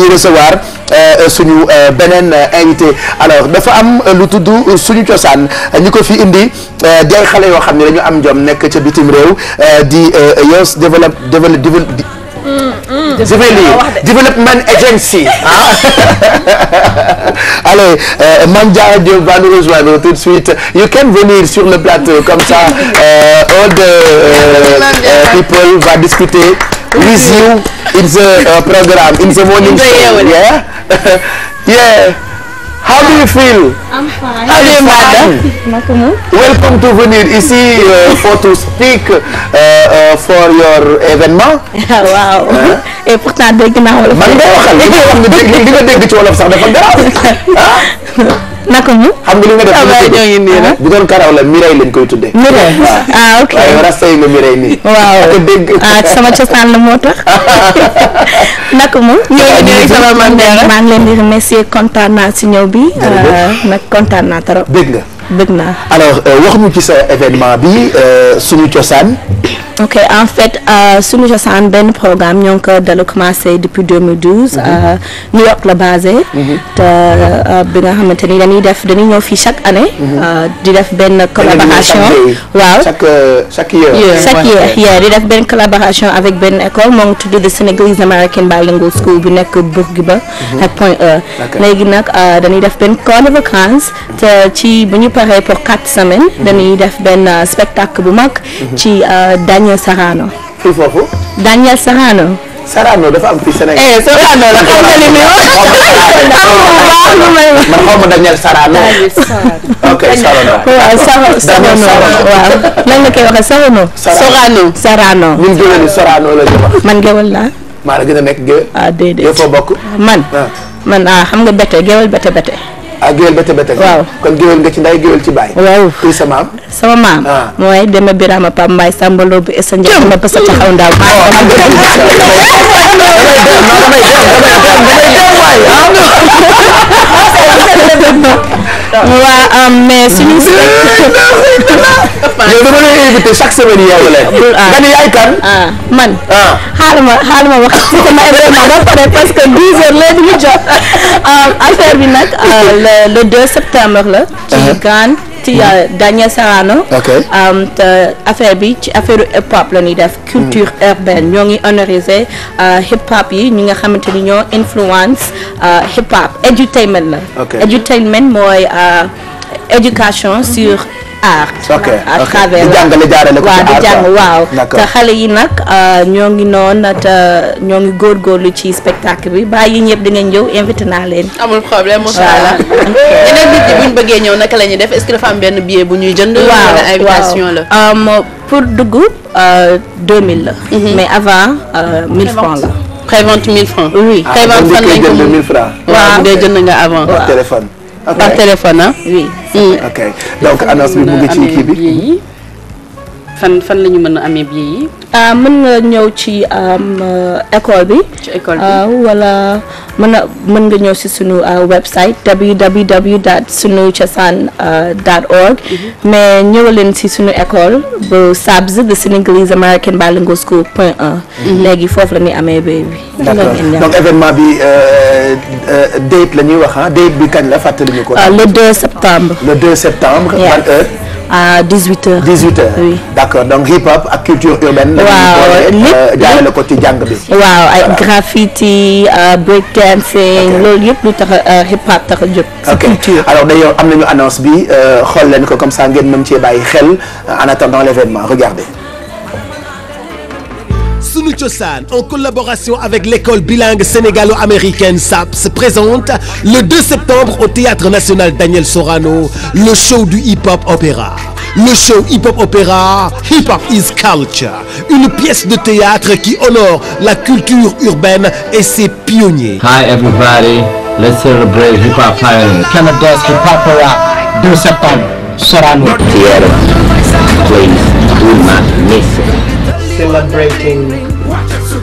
dañuy recevoir euh, suñu euh, beneen euh, invité alors dafa am lu tudd suñu cosaan ñi ko fi indi di ay xale yoo xam ne dañu am jom nekk ca bitim réew di Youth Develop mm, mm. Develop Development Agency ah. allez Mame Diarra Diop va nous rejoindre tout de suite you can venir sur le plateau comme ça all the people va discuter with you it's a uh, program. It's a morning show. Yeah. yeah. How do you feel? I'm fine. How do you feel? Welcome to venir ici uh, for to speak uh, uh, for your événement. waaw et pourtant dégg naa wolof. man ngay waxal li nga wax nga dégg li nga dégg ci wolof sax dafa garaaw ah. naka mu. xam nga li nga def la bu doon karaw la Mireille lañ koy tuddee. Mireille ah ok waaye rasta yi nga Mireille nii. waaw ah sama cosaan la moo tax. naka ma ñëw ñëw sama man dara maa leen di remercier kontaan naa si ñëw euh, nag kontaan naa trop bëgg nga bëgg naa alors euh, wax ñu ci sa événement bi euh, suñu cosaan ok en fait euh, Sunu Cosaan benn programme ñoo ngi ko dalu commencé depuis 2012. Mhm. Euh, New York la basé. Mhm. te euh, bi nga xamante ni dañuy def dañuy ñëw fii chaque année. Mhm. di def benn collaboration. waaw chaque chaque year. chaque year di def benn collaboration avec benn école moo ngi tudd de Senegalese American Bilingual School bi nekk Bourguiba. ak Point E. léegi nag dañuy def benn corps de vacances. te ci bu ñu paree pour quatre semaines. dañuy def benn spectacle bu mag. Daniel Sorano. fii foofu. Daniel Sorano. Sorano dafa am fii Sénégal. eh Sorano la nga ma koy waxee Sorano. Sorano Sorano. ñun jëlee ni Sorano la ñu wax. man géwal laa. maa la gën a nekk géwal. ah déedéet foo bokk. man ah. man ah xam nga bette géwal bette bette. ah géwél ba te ba te waaw kon sa maam sama maam ah. mooy dema birama pam mbaay samba loo bu essa njëkk ma passa taxaw ndaw oh, ma waaw mais yow dama lay invité chaque semaine yow la. Ah. nga ni yaay kan. Ah. man. Ah. xaaral ma xaaral ma wax sama événement ba pare parce que 10 heures léegi ñu jot euh, affaire bi nag euh, le le 2 septembre la. ci Kaan. ci euh, mm-hmm. Daniel Sarano. ok te affaire bi ci affaire hip hop la ñuy def. culture mm. urbaine ñoo ngi honoriser hip hop yi ñi nga xamante ni ñoo influence hip hop edutainment la. ok edutainment mooy éducation sur. art. ok à travers jàngale jaarale ko waaw di jàng waaw. te xale yi nag euh, ñoo ngi noonu te euh, ñoo ngi lu ci spectacle bi bàyyi ñëpp di nga ñëw invité naa leen. amul problème macha allah. nit ñi bu bëggee ñëw naka la ñuy def est-ce que dafa am benn billet bu ñuy jënd. waaw invitation la. Um, pour dugg 2000 euh, la. Mhm. mais avant 1000 francs la. prévente 1000 francs. oui ah, prévente fan lañ ko moom dee jënd nga avant. téléphone. par téléphone ah. oui. Hmm. ok donc annonce bi mu ngi ci kii bi fan fan la ñu mën a amee billet yi. Ah, mën nga ñëw ci euh, école bi. ci école ah, wala mën nga mën nga ñëw si sunu ah, website www dot sunu cosaan dot org. Mhm. mais ñëwaleen si sunu école bu SABS the Senegalese American Bilingual School point 1. Mhm. léegi foofu la ñuy amee béy bi. d'accord donc événement bi euh, euh, date la ñuy wax ah date bi kañ la fàttali ñu ko. le 2 septembre. le 2 septembre. ban à 18h. 18h oui. d'accord donc hip hop ak culture urbaine. waaw lépp euh, jaarale ko ci jàng bi. waaw ay graffiti euh, break dancing loolu yëpp lu tax euh, hip hop tax a jóg. ok alors d'ailleurs am nañu annonce bi xool leen ko comme ça ngeen mën cee bàyyi xel en attendant l'événement regardez. Sunu Cosaan en collaboration avec l'école bilingue sénégalo-américaine SAPS présente le septembre au Théâtre national Daniel Sorano le show du hip-hop opéra. Le show hip-hop opéra Hip Hop is Culture, une pièce de théâtre qui honore la culture urbaine et ses pionniers. Hi everybody, let's celebrate hip hop pioneers. Canada's hip hop opera 2 septembre Sorano Theatre. Please do not miss it. Celebrating Watch it.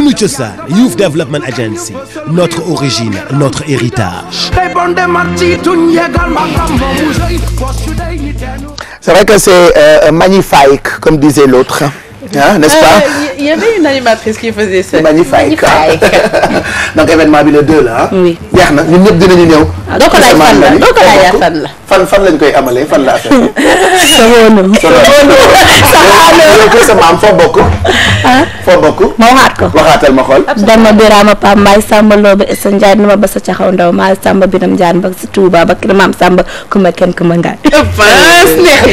sunu cosaan Youth Development Agency notre origine notre héritage. C'est vrai que c'est euh, euh magnifique comme disait l'autre ah n'est-ce euh, pas. il euh, y avait une animatrice qui faisait ça. magnifique donc événement bi le deux la ah. oui jeex na ñun ñëpp dinañu ah, la doo ko fan fan lañ koy amalee fan la affaire maam foo bokk. ma waxaat ko waxaatal ma xool. dama a Pam Mbaye Samba Lobe Essa Ndiaye dama ba sa caxaw ndaw maa Samba Binam Ndiaye ba sa Touba ba kër maam Samba ku ma kenn ku ma ngaay. neex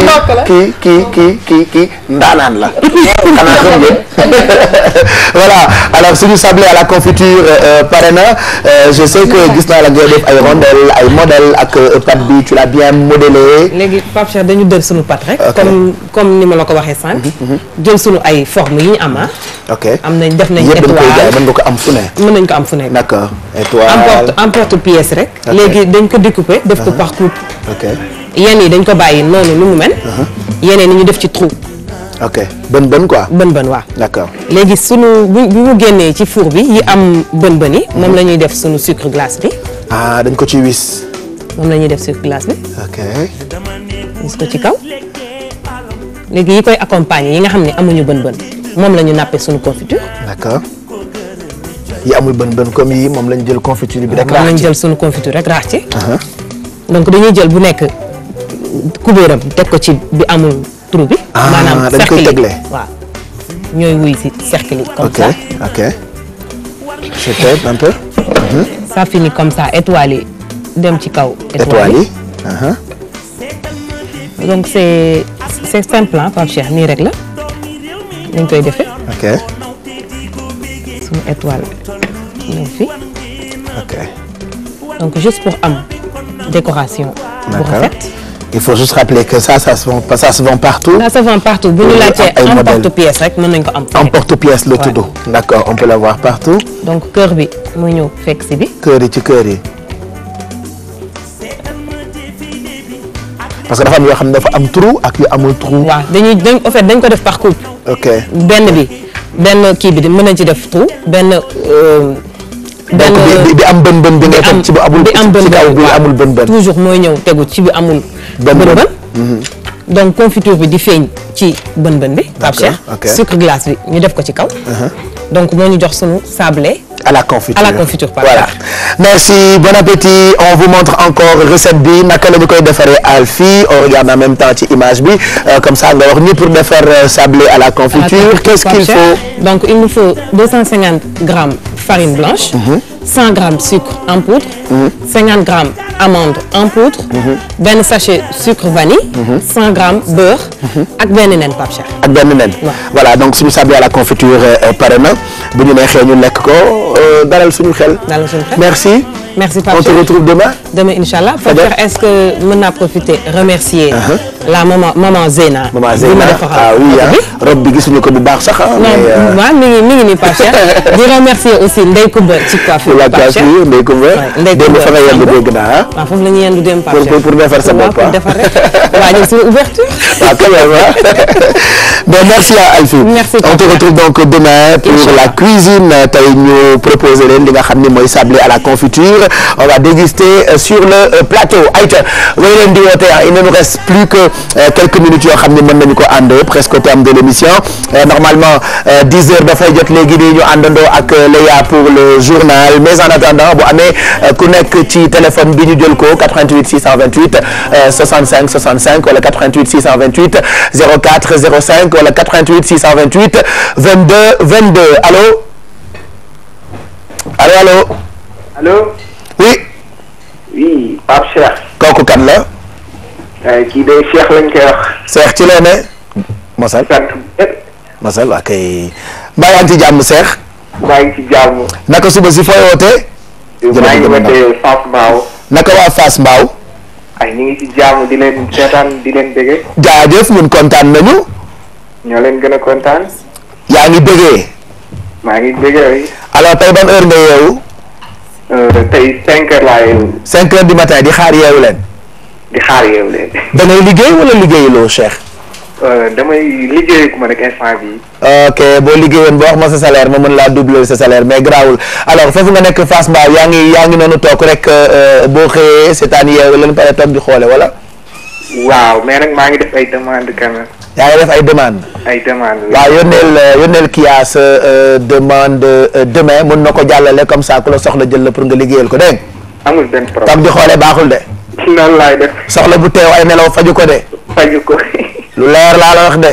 na. kii kii kii ndaanaan la. xanaa gëm ngeen. voilà alors à la confiture euh, euh, pare na euh, je sais que. gis naa la ngay def ay rondelle ay modèle ak euh, pat bi tu l'as bien modélé. léegi Pape Cheikh dañu dër suñu pat rek. comme comme ni ma la ko waxee sànq. Mhm, mhm. jël suñu ay forme yi ñu am ah. ok am nañ def nañ. étoile mën nga ko am fu ne. mën nañ ko am fu ne. d'accord étoile emporte pièce rek. léegi dañ ko découper def ko uh-huh. par yenn yi dañ ko bàyyi noonu ni mu mel. Uh-huh. yeneen ñu def ci trou. ok bën bën quoi. bën bën waaw. d'accord léegi sunu bu bu mu génnee ci fuur bi yi am bën bën yi. moom mhm. la ñuy def sunu sucre glace bi. ah dañ ko ci wis. moom la ñuy def sucre glace bi. ok. wis ko ci kaw. léegi yi koy accompagner yi nga xam ne amuñu bën bën moom la ñu nappee sunu confiture. d'accord yi amul bën bën comme yi moom lañ jël confiture bi rek. raax ci moom lañ jël sunu confiture ci. Uh-huh. donc dañuy jël bu nekk kubéeram euh, teg ko ci bi amul. trou bi. Ah, maanaam cercle yi waaw ñooy wuy si cercle sa comme ça. ok c'est un peu. Mhm. ça finit comme ça étoile yi dem ci kaw. étoile yi uh-huh. donc c'est c'est simple ah Pape Cheikh nii rek la nañ koy defee. ok i faut juste rappeler que ça ça se vend ça se vend partout. ça se vend partout bu pièce rek mën nañu ko am. emporte-pièce la tudd. d'accord on peut l'avoir partout. donc kër bi mu ñëw fekk bi. kër yi ci kër yi. parce que dafa am yoo xam ne dafa am trou ak yu amul trou. waaw dañuy dañ fait dañ ko def par couple. benn bi benn kii bi mën nañ ci def trou benn. Euh, donc bi am bën bën bi ngay teg ci bi am bën bën ci kaw bi amul bën bën. toujours mooy ñëw tegu ci bi amul. bën bën mhm. donc confiture bi di feeñ ci bën bën bi. Pape Cheikh sucre glace bi ñu def ko ci kaw. Uh-huh. donc moo ñu jox sunu sablé. à la confiture à la confiture par voilà merci bon appétit on vous montre encore recette bi naka la ñu koy defaree Alfie on regarde en même temps ci image bi euh, comme ça nga wax ñu pour defar euh, sablé à la confiture. qu'est-ce qu'il farine blanche. 100 grammes sucre en poudre. 50 grammes amande en poudre. benn sachet sucre vanille. 100 grammes beurre. ak benn nen Pape ak benn nen. voilà donc suñu sablé à la confiture euh, pare na bu ñu neexee ñu lekk ko euh, dalal suñu xel. merci. on te retrouve demain. demain incha allah. fajar profiter remercier. Uh-huh. la maman maman Zeyna. maman Zeyna bi ma defaral ah oui ah. robe bi gisuñu ko baax sax ah. mais euh, waaw mi ngi aussi Ndeye Koumba ci coiffure. pas cher la Ndeye Koumba. Ndeye Koumba fa nga yendu dégg naa ah. waaw foofu la ñuy yendu dem pas cher pour pour defar sa pour ah. defar rek. waa ñu ngi suñu ouverture. waaw ah, quand même merci à Alfie. merci on te retrouve donc demain pour la cuisine tey ñu proposer leen li nga xam la on va euh, sur le euh, plateau ayta way ah, euh, yoo xam ne mën nañu ko ànd presque au terme de l'émission euh, normalement dix heures dafay jot léegi nii ñu àndandoo ak Léa pour le journal mais en attendant bu amee ku nekk ci téléphone bi ñu jël ko 88 628 65 65 wala 88 628 04 05 wala 88 628 22 22 allo allo allo. allo. oui. oui Pape Cheikh. kooku kan la. Eh, kii de Cheikh lañ koy wax. ci loo ne. Masal Masal waa kay jàmm Cheikh. maa ngi ci jàmm. naka suba si fooy wootee. maa ngi wootee Fass naka waa Fass Mbao. ay ñu ngi ci jàmm di leen seetaan di leen déggee. jaajëf ñun kontaan nañu. ñoo leen gën a kontaan. yaa ngi déggee. maa ngi déggee. alors tey ban heure nga yeewu. Euh, tey cinq heures laay. cinq heures du matin di xaar yeewu leen. di xaar yeewu leen. da ngay liggéey wala liggéeyuloo Cheikh. Euh, damay liggéey ku ma rek instant yi ok boo liggéeyoon boo wax ma sa salaire ma mën laa doubler sa salaire mais grawul alors foofu nga nekk Fass Mbao yaa ngi yaa ngi noonu toog rek euh, boo xëyee seetaan yeewu leen pare toog di xoole wala. waaw mais nag maa ngi def ay demande quand yaa ngi ay demande ay demande waaw yónneel euh, yónneel Kia sa euh, euh, demande demain mun na ko jàllale comme ça ku la soxla jël la pour nga liggéeyal ko dégg amul benn problème tam di xoolee baaxul de. soxla bu teew ay nelaw faju ko de. faju ko. lu leer laa la wax de.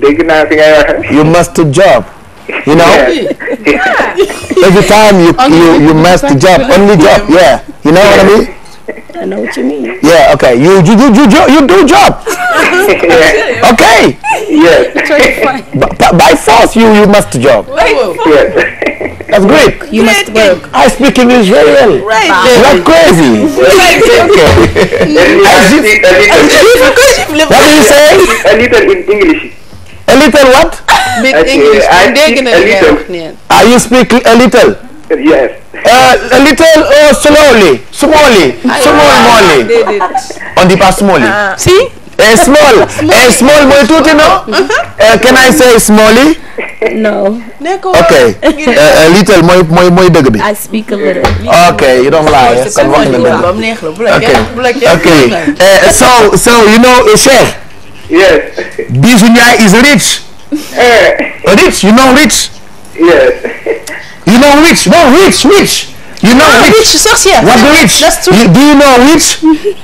dégg naa fi ngay waxee. you must job. you know. every time you you must job only job yeah. you know what I I know what do job. yeah. by, force, you must job. Yes. That's You must work. I speak English very crazy. what do you say? A little what? Bit ah, speak a little? Yes. Uh, a little uh, slowly, slowly, slowly, on ah. small, small, small mooy tuuti non. can I say smally? no. ok uh, little mooy mooy mooy dëgg bi. a little. you don't lie. kon wax nga uh, so so you know uh, Cheikh. yes. Bijou is rich. Eh. rich you know rich. You know witch? No, witch, witch. You know ah, witch. witch sorcière. What the witch? That's true. You, do you know witch?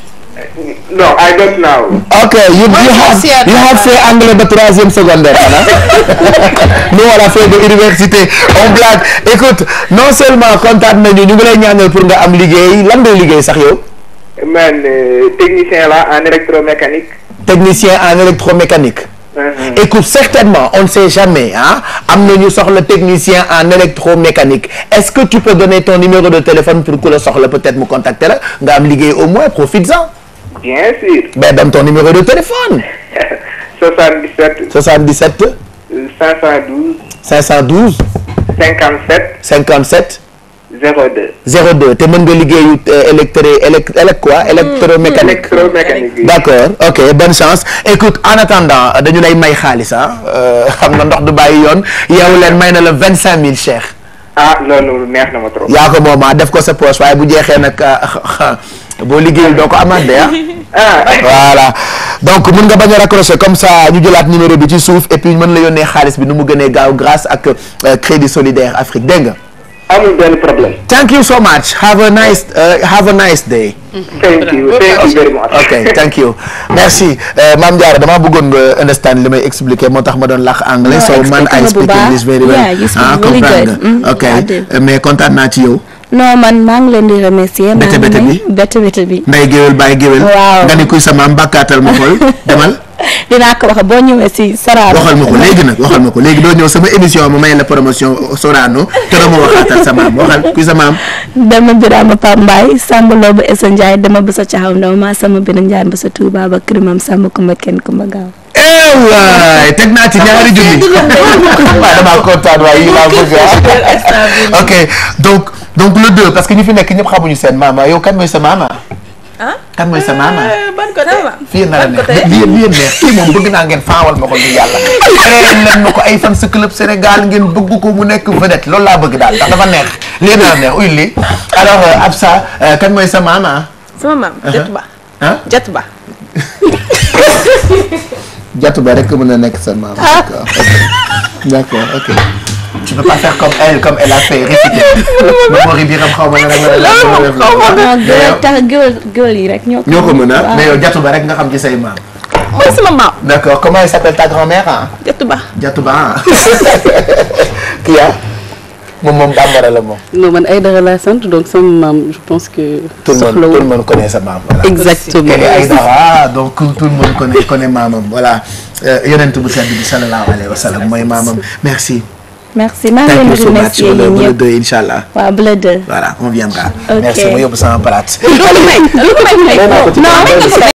No, Okay, you, have fait anglais de troisième secondaire, hein? Nous on a fait de université. On blague. Écoute, non seulement kontaan nañu ñu ngi lay ñaanal pour nga am liggéey lan ngay liggéey sax yow. Euh, technicien la en électromécanique. technicien en mécanique Mhm. e écoute certainement on ne sait jamais ah am na ñu soxla technicien en électromécanique est-ce que ton numéro de téléphone pour que la soxla peut-être mu contacter la nga am liggéey au moins profites-en. bien sûr. mais donne ton numéro de téléphone. 77. 77. 512. 512. 57. 57. 02. 02 te mën nga liggéeyu euh, électro élect élect quoi hmm. électromécanique. électromécanique d'accord ok bonne chance écoute en attendant euh, dañu lay may xaalis ah xam nga ndox du bàyyi yoon yow leen may na la 25000 cheikh. ah loolu neex na ma trop. yaa ko mooma def ko sa poche waaye bu jeexee nag boo liggéeyul doo ko amaat de ah. voilà donc mun nga bañ a raccrocher comme ça ñu jëlaat numéro bi ci suuf et puis mën la yónnee xaalis bi nu mu gënee gaaw grâce ak Crédit Solidaire Afrique dégg nga. amul benn problème. thank you so much have a nice uh, have a nice day. thank you thank you very much. ok thank euh, damaa bëggoon nga understand li may expliquer moo tax ma doon làkk anglais. so man I speak English very well. ah nga mm-hmm. ok euh, mais kontaan naa ci yow. non man maa ngi leen di remercier. bete bete bi maa ngi bete bete bi. nday géwél bàyyi géwél. waaw nga ni kuy sama mbàkkaatal ma xool demal. dinaa ko wax boo ñëwee si Sorano. waxal ma ko léegi nag waxal ma ko doo ñëw sama émission ma may la promotion Sorano te dama waxaatal sa maam waxal kuy sa maam. dama Birama Pape Mbaye Samba ba sa sama bina Ndiaye ba sa Touba ba kër maam Samba Kumba kenn Kumba Gaaw. Eh waay teg naa ci ñaari junni waaw damaa kontaan waaye yi laa bëgg ah. ok donc donc le deux parce que ñu fi nekk ñëpp xamuñu seen maama ah, yow kan mooy sa maama. Ah? kan mooy sa maama. ban côté a neex lii lii neex kii moom bëgg naa ngeen faawal ma ko ngir yàlla. créé leen ma ko ay fan sa club Sénégal ngeen bëgg ko mu nekk loolu laa bëgg daal dafa neex lii nar a neex uy lii alors Absa kan mooy sa maama. sama maam Jatu Ba. ah Jatu Ba. Jatu mën a nekk sa maama. d'accord ok. tu peux pas faire comme elle comme elle a fait réciter Mamori Biram xaw ma yi rek ñoo ko mën a mais yow euh, jatu ba rek nga xam ci say maam. mooy sama maam. d'accord comment elle s'appelle ta grand-mère ah. jatu ba jatu ba ah. kii ah moom moom bambara la moom. non man Aïdara laa sant donc sama maam je pense que. soxla tout le monde tout le monde connaît sa maam. voilà exactement Aïdara ah, donc tout le monde connaît connaît maamam voilà euh, yonent bu sedd bi sallallahu alayhi wa sallam mooy maamam merci. merci maa ngi leen di remercier yéen ñëpp tey incha allah. waaw bu la deux. voilà on viendra. ok merci ma yóbbu sama palaat. du ko may du ko may. non non